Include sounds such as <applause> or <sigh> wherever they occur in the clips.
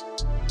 you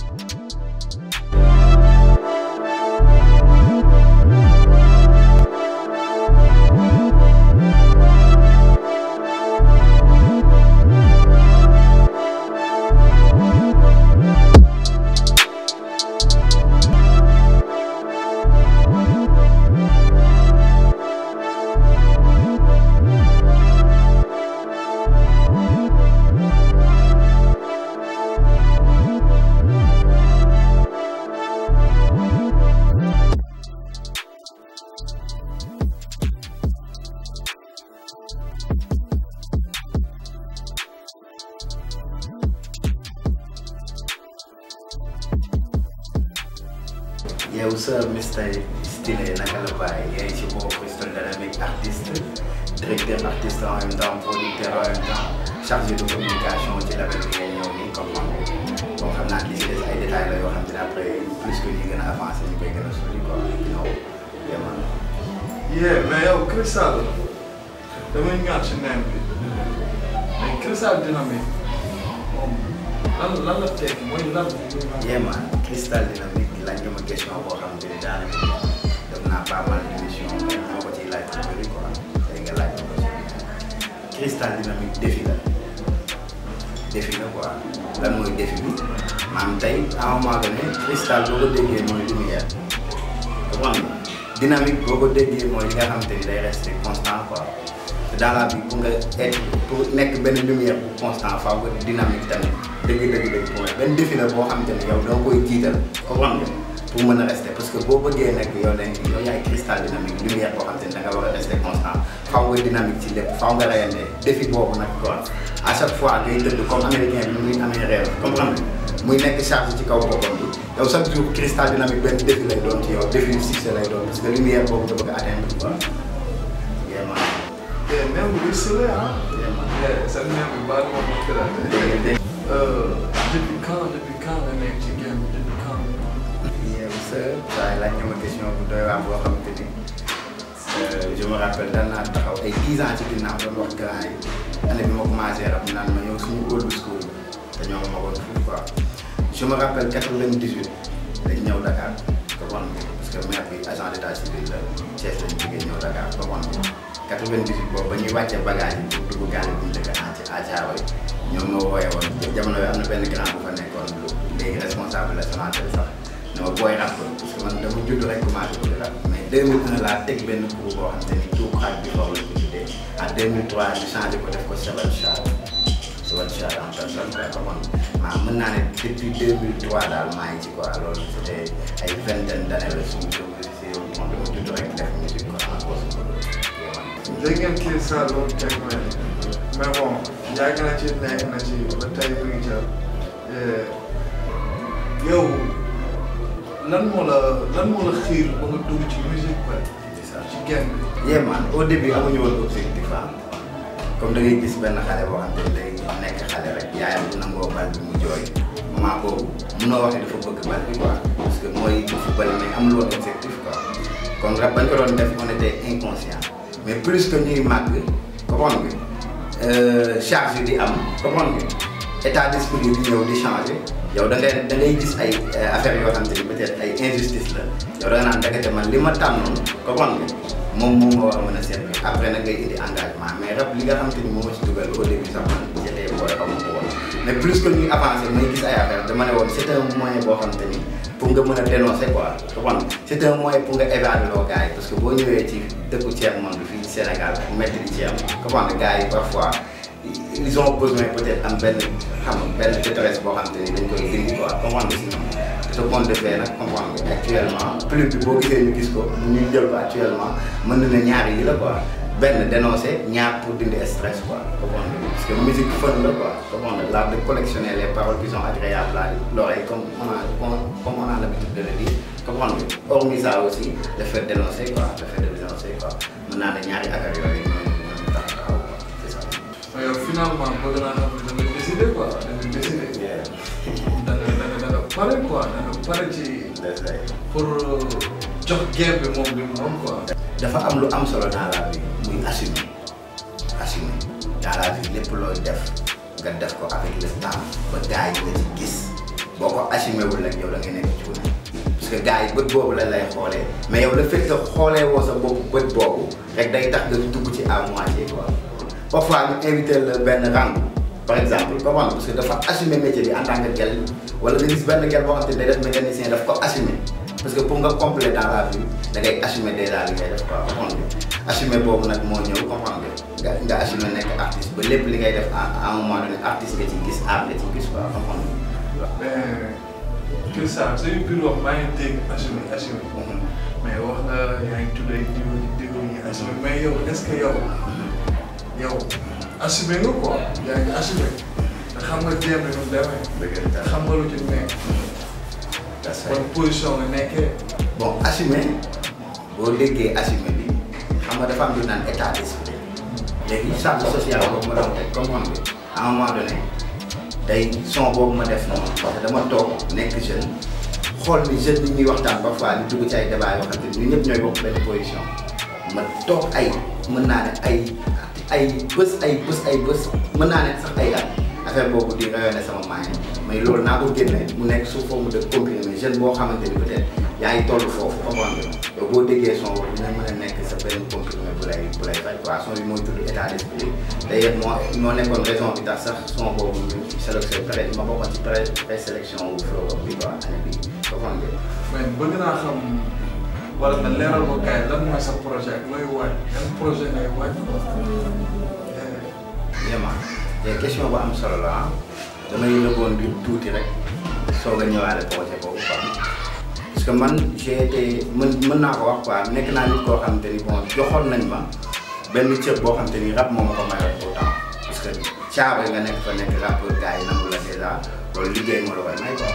sa mistake stylé naka la bàyyi yaay ci boobu style dynamique artiste directeur artiste en même temps producteur en même temps chargé de communication ci label bi ngay ñëw naa li ci des ay détails la yoo xam ne après plus que ñu a a yow cristal damay ñaar ci nen bi laaj nga ma question boo xam ne daanaka def naa pas mal d'émission mais dama ko ciy laaj bu bëri quoi tey nga laaj ma ko ci cristal dynamique défi la défi la quoi lan mooy défi bi maanaam tey à un moment donné cristal boo ko déggee mooy lumière xam boo ko déggee mooy li nga xamante ni day rester constant quoi te dans la vie pour nga être pour nekk benn lumière bu constant faaw nga dynamique tamit. dëgg dëgg dëgg mooy benn défi la boo xamante ne yow doo koy jiital comme am pour mën a rester parce que boo bëggee nekk yow ne yow yaay cristal dynamique lumière boo xamante ne da nga war a rester constant faw nga dynamique ci lépp faw nga rayante défi boobu nag quoi à chaque fois ngay tëdd comme américain bi muy amee réew comme am muy nekk charge ci kaw boppam bi yow chaque jour cristal dynamique benn défi lay doon ci yow défi succès lay doon parce que lumière boobu da bëgg a atteindre quoi vraiment. même bu dul sële ah. vraiment ça ne Uh, depuis quand, depuis quand nga nekk ci game depuis quand. yow sa saa yi laaj nga ma question bu doy waar boo xamante ni je me rappelle daan naa taxaw ay 10 ans ci ginnaaw doon wax gars yi année bi ma commencé rap naan ma yow suñu old school dañoo ma woon fii quoi je me rappelle 98 dañ ñëw Dakar Kobon bi parce que maire bi agent d' état civil la Thiès lañ jógee ñëw Dakar Kobon bi 98 boobu ba ñuy wàccee bagage yi pour dugg gaal yi bu ñu dëkk à ci à Thiaroye ñoom o wooye woon jamono bi am na benn grand bu fa nekkoon léegi responsable la semence sax ñoo booy rap parce que man dama judd rek commencé ko di rap mais 2001 laa teg benn groupe boo xam te ni tuub xaaj bi xaw la ko tuddee en 2003 ñu changé ko def ko Sebal Char Sebal Char en personne quoi comme maa mën naa ne depuis 2003 daal maa ngi ci quoi loolu c'était ay vingtaine d'années la suñu jóg si moom dama judd rek def musique quoi en gros. dégg ngeen kii Saalum Dieng mais bon yàgg na ci nekk na ci ba tey mu ngi ca yow lan moo la lan moo la xiir ba nga dugg ci musique quoi ci genn bi. yéemaan au début amuñu woon objectif am ah. comme da ngay gis benn xale boo xam ne day nekk xale rek yaayam nangoo bal bi mu jooy moment boobu munoo wax ne dafa bëgg mooy football mais amul woon objectif quoi kon rab bañ ko doon def on était inconscient mais plus que ñuy màgg ko nga. Euh, charge yi di am comprendre nga état d'esprit yi di di changer yow da ngay da ngay gis ay euh, affaires yoo xam te ni peut-être ay injustice la yow da nga ndekete man li ma tànnoon comprendre nga moom moom nga war a mën a seetlu après nag ngay indi engagement mais rab li nga xam te ni moom la ci dugal au début sax man jëlee boole xaw ma ko woon mais plus que ñuy avancé may gis ay affaire dama ne woon c' est un moyen boo xam te ni pour nga mën a dénoncer quoi xam c' est un moyen pour Sénégal Maître métti di gars parfois ils ont besoin peut-être d'un bel détresse actuellement plus que ñu actuellement mën na ñaar quoi dénoncer ñaar pour stress quoi parce que musique là quoi comprendre de collectionner les paroles qui sont agréables à l'oreille comme on a l'habitude de le dire comprendre nga hormis ça aussi dafa dénoncer quoi dafa dénoncer quoi mën naa ne ñaari affaire yooyu ñoom ñoo tax taxaw quoi c'est ça. mais yow finalement bëgg naa xam ne da nga décidé quoi da nga décidé. da nga da nga da nga pare quoi da nga pare ci. Euh, mu lu am solo dans la vie muy assumer assumer dans la vie lépp def nga def ko avec le temps ba gars yi gis boo ko assumer wul nag yow da ngay nekk ci que gars yi bët boobu la lay xolé mais yow le fait que xolé woo sa bobu bët bobu rek day tax nga dugg ci à moitié quoi parfois ñu invité le ben rang par exemple comment parce que dafa assumer métier bi en tant que quel wala nga gis benn gel boo xam day def mécanicien daf ko assumer parce que pour nga compléter dans la vie da ngay assumer déjà li ngay def quoi comprendre nga assumer bobu nak mo ñëw comprendre nga nga assumer nek artiste ba lepp li ngay def à un moment donné artiste nga ci gis art nga ci gis quoi comprendre nga kër Saar sa yu biir wax maa ngi dégg assuré assuré mais wax nga yaa ngi tuddee jiw yi déglu ñu assuré mais yow est-ce que yow yow assuré nga quoi yaa ngi assuré te xam nga jéem nañu demee. dëgg la te xam nga lu ci nekk. kon position nga nekkee. bon assumé boo léggee assumé bi xam nga dafa am lu naan état d'esprit léegi sàmm social boobu ma doon teg comme xam nga à un moment donné. day son boobu ma def noonu parce que dama toog nekk jeune xool ni jeune bi ñuy waxtaan ba fois ñu dugg ci ay débat yoo xam ne ñu ñëpp ñooy bokk benn position ma toog ay mën naa ne ay ay bés ay bés ay bés mën naa ne sax ay at affaire boobu di noyoo ne sama maay may loolu naa ko génne mu nekk sous forme de comprimé jeune boo xamante ni peut-être yaa ngi toll foofu comprendre nga boo déggee son boobu dina mën a nekk sa benn comprimé bu lay bu lay faj quoi son bi mooy tudd état d'esprit a moo moo nekkoon raison bi tax sax son boobu ñu sélection pré ma bokkoon ci pré présélection wu Flow bi quoi année bi comprendre nga. mais bëgg naa xam wala nga leeral ko gars yi lan mooy sa projet ak looy waaj yan projet ngay waaj. vraiment eh, eh, te question bu am solo la ah damay lëkkoon bi tuuti rek soog a ñëwaale projet boobu quoi. parce que man j'ai été mën naa ko wax quoi nekk naa nit koo xamante ni bon joxoon nañ ma benn cër boo xamante ni rap moom ma ko mayoon autant parce que caabe nga nekk fa nekk rappeur gars yi nangu la dèjà loolu liggéey moo la koy may quoi.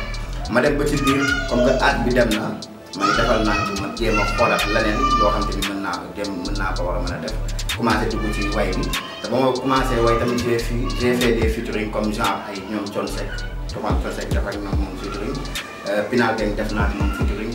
ma dem ba ci biir comme que at bi dem na man defal naa ci ma jéem a xoolaat leneen loo xamante ni mën naa a a def commencé dugg ci way bi te ba ma commencé way tamit j'ai fi j'ai fait des featuring comme genre ay ñoom Thione Seck Thione Seck def ñoom moom featuring euh,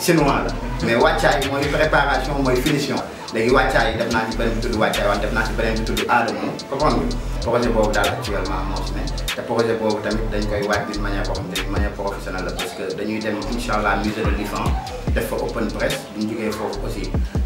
chinois la mais wàccaay moy préparation moy finition léegi wàccaay def naa ci beneen bi tudd wàccaay def naa ci beneen tuddu tudd aadama ah, comprendre projet bobu daal actuellement moo ci ne te projet bobu tamit dañ koy waaj d'une manière boo xam manière professionnelle parce que dañuy dem inshallah allah musée de l'IFAN def fa open press bu ñu jógee foofu aussi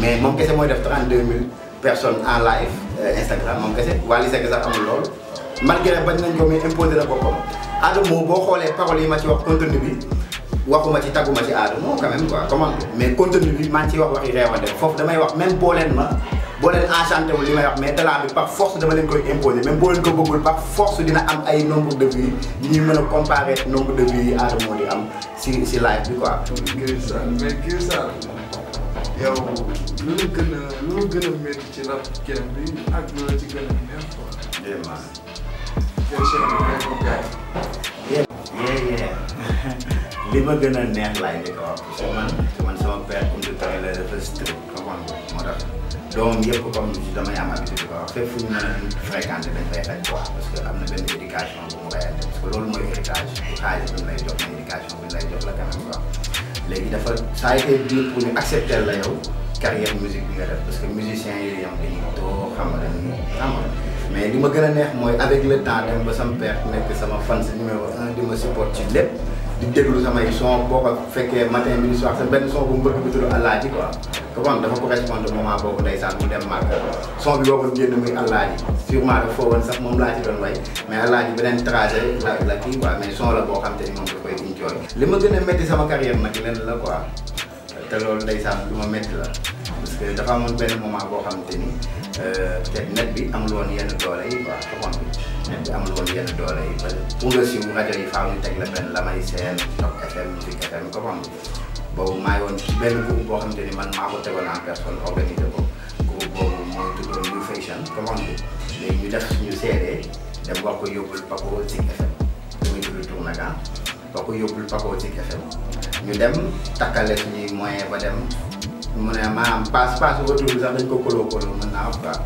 mais moom kese mooy def 32 000 personnes en live euh, Instagram moom kese Wally Seck sax amul loolu malgré bañ nañ ko mais imposé la na boppam Adamo boo xoolee paroles yi ma ci wax contenu bi waxuma ci tagguma ci Adamo quand même quoi comment mais contenu bi ma ngi ciy wax waxi reewande foofu damay wax même boo leen ma boo enchanté wu li wax mais talent bi par force dama leen koy imposer même boo leen ko bëggul par force dina am ay nombre de vues ni ñuy mën a comparer nombre de vues yi Adamo di am si si live bi quoi. mais Guirssar mais Guirssar yow lu la gën a lu la gën a métti ci rap game bi ak lu la ci gën a neex quoi. vraiment. <laughs> li ma gën a neex laay njëkk a wax parce que man man sama père comme du tawee la dafa strict xam moo tax doomam yëpp comme damay am habitude di ko wax fépp fu ñu mën a fréquenté dañ fay faj quoi parce que am na benn éducation bu mu koy parce que loolu mooy héritage bu xaalis bi ñu lay jox na éducation bi ñu lay jox la kanam quoi. léegi dafa ça a été dur pour ñu accepter la yow carrière musique bi nga def parce que musicien yooyu yam dañuy too xam nga xam nga mais li ma gën a neex mooy avec le temps dem ba sama père nekk sama fan si numéro un di ma support ci lépp di déglu samay son boo ko fekkee matin bi soir sa benn son bu mu bëgg bi tudd Alaaji quoi te woon dafa correspondre moment boobu ndeysaan mu dem màgg son bi warul génn muy àllaaji sûrement dafa foo woon sax moom laa ci la la kii quoi mais son la boo xam te ni moom daf koy diñ li ma gën a métti sama carrière nag lenn la quoi te loolu ndeysaan lu ma métti la parce que dafa amoon benn moment boo xam te ni euh, peut-être net bi amul woon yenn doole yi quoi xamoon bi net bi amul woon yenn doole yi parce que pour nga siiw rajo yi teg la benn Lamay Seen boobu maa ngi benn groupe boo xamante ni man maa ko tegoon en personne organisé ko groupe boobu mooy tuddoon New Fashion commande léegi ñu def suñu seede dem wax ko yóbbul Paco Zik FM damay tudd Tournagan wax ko yóbbul Paco Zik FM ñu dem takkale suñuy moyen ba dem mu ne maanaam paas paas watubi sax dañ ko koloo koloo mën naa wax quoi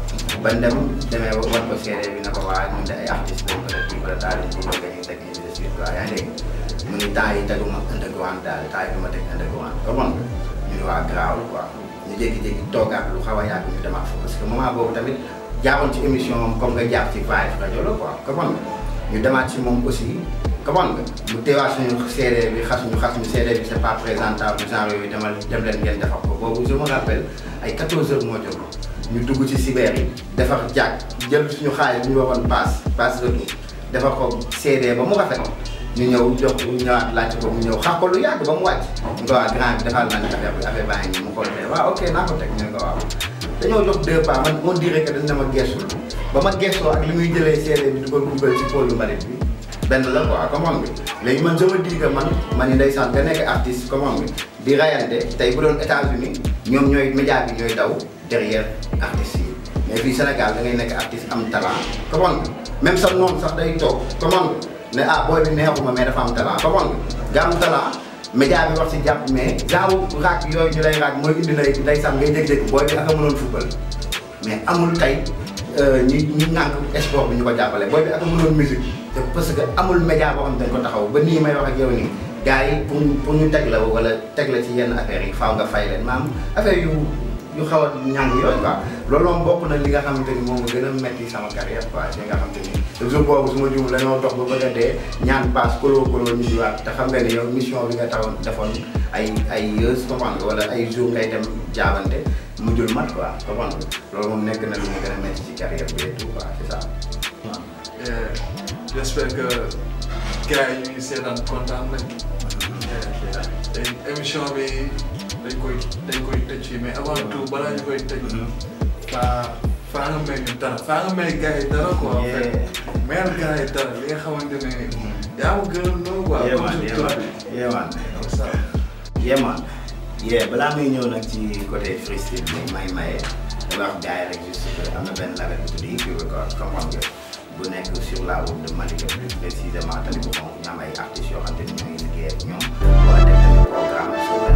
ban dem demee wat ko seede bi ne ko waa ñun de ay artistes wala taal yi ñu nga ñuy teg ñu des biir quoi yaa ngi dégg mu ni temps yi teguma underground daal temps yi bi ma teg underground comprendre nga ñu ne waa garaawul quoi ñu jékki-jékki toogaat lu xaw a yàgg ñu demaat fa parce que moment boobu tamit jaaroon ci émission moom comme nga jàpp ci Vibe rajo la quoi comprendre nga ñu demaat si moom aussi comprendre nga mu teewaat suñu séeréer bi xas ñu xas ñu séeréer bi c'est pas présentable genre yooyu demal dem leen ngeen defar ko boobu je me rappelle ay 14 heures moo jot ñu dugg ci cyber yi suñu xaalis bu ñu waxoon paas dafa ko seedee ba mu rafet ñu ñëw jox ñu ñëwaat laajte ko mu ñëw xam ko lu yàgg ba mu wàcc. mu ko waa grand bi defal nañ affaire bi affaire baa ngi ok naa ko teg ñu waaw. dañoo jox deux pas man on dirait que dañ ne ba ma geesoo ak li muy jëlee seedee bi di ko dugal ci pôle mbalit bi. benn la quoi comment nga léegi man dama di que man man ndeysaan nga nekk artiste comment nga di rayante tey bu doon États-Unis ñoom ñooy média bi ñooy daw derrière artistes yi mais fii Sénégal da ngay nekk artiste am talent comment nga. même sax moom sax day toog comment ne ah booy bi neexuma mais dafa am talent comment nga am talent bi wax si jàpp mais genre raak yooyu ñu lay raak mooy indi lay ndeysaan ngay dégg-dégg booy bi ak mënoon football mais amul tey euh, ñi ñi nànk sport ñu ko jàppale booy bi ak a mënoon musique te parce que amul média boo xam dañ ko taxaw ba nii may wax ak yow nii gars yi pour pour ñu teg la wala teg la ci yenn affaires yi faaw nga fay leen maam affaire yu yu xaw a ñàng yooyu quoi loolu moom bokk na li nga xamante ni moom gën a metti sama carrière quoi a dee ñaan paas koloo koloo ñu diwaat te xam nga ne yow mission bi nga taxoon ay ay yeus comprendre wala ay jour ngay dem jaabante mujjul na lu ma gën a metti ci carrière bi et tout quoi c'est ça koy tëj fii faa faa nga may ñu dara faa nga may gars yi dara quoi. mayal gars yi dara li nga xamante ne. yaa ma gënal loolu quoi. yeemaan yeemaan yeemaan yeemaan. balaa muy ñëw nag ci côté freestyle bi may maye da wax gars yi rek juste que am na benn label bu tudd Equivocal xam nga bu nekk sur la route de Malika plus précisément tamit bon ñu am ay artistes yoo xam te ne ñu ngi liggéey ak ñoom wala def tamit programme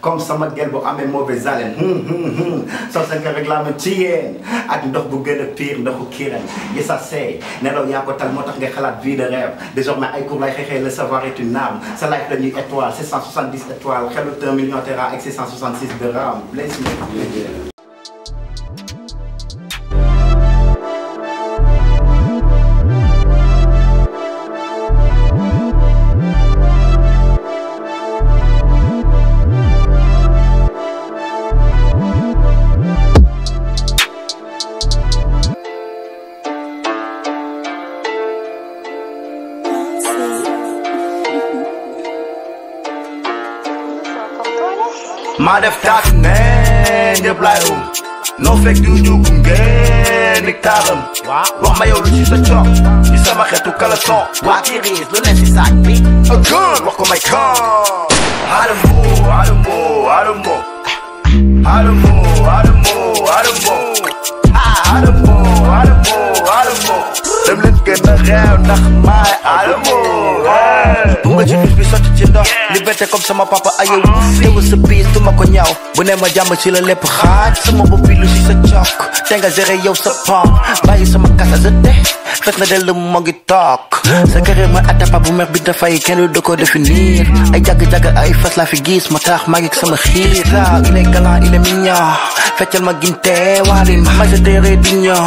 comme sama gel boo amee mauvaise haleine hmm, hmm, hmm. soo sa nga réclame ci yéen ak ndox bu gën a pire ndoxu kiiran yi sa seey nelaw yaa ko tal moo tax nga xalaat vie de rêve désormais ay cours lay xeexee savoir est une arme sa life dañuy étoile 770 étoiles xelu 1 million tera ak bless me Madeftaken en No fake juju kungen ik daarom Wat mij jullie is een chok Je zei maar gaat ook alle sok Wat hier is, de lens is aan me A gun, wat kom ik kan Ademo, ademo, ademo Ademo, ademo, ademo Ademo, ademo, ademo Dem lippen around nach my ademo Hoe moet je nu weer zat je chin Nimetekwa msamapapo ayo Ewe sabi stuma kwa nyao Bune majama chila lepo khan Sama bupilu si sa chok Tenga zere yo sa pong Bayi sama kasa zate Fek na delu mongi talk Sa kere ma atapa bu mer bi dafay Kenn du ko définir Ay jaga jaga ay fas la fi gis Ma tax magik sama xiir Sa il est galant il est mignon Fetchel ma ginte walin Ma je tere dignon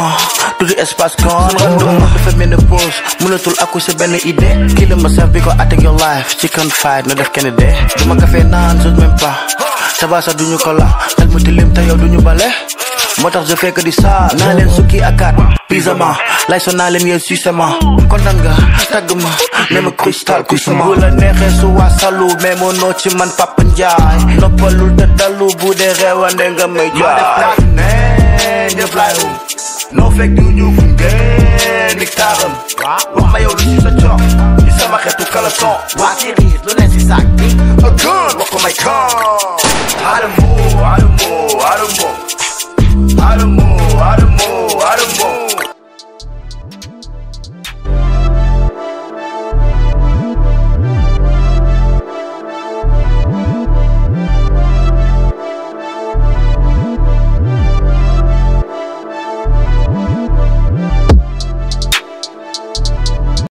Tudu espace kon Rando ma defe menopause Munatul aku sebene ide Kila ma sabi ko attack your life Chicken fight no def kenn de du ma café naan je même pas tabasa duñu ko la xel mu tilim te yow duñu bale moo tax je fais que di saa naa leen sukki akaat pisama lay so naa leen yee susement kontaan nga tagg ma cristal kusuma bu la neexee su waa salu mais No noo ci man papa njaay noppalul te dalu bu dee reewande nga may jaay ne ñëpp laay um noo fekk du ñu fu ngeen di taaram wax ma yow lu color song. Waarin is, lo lens is actief. Een gun,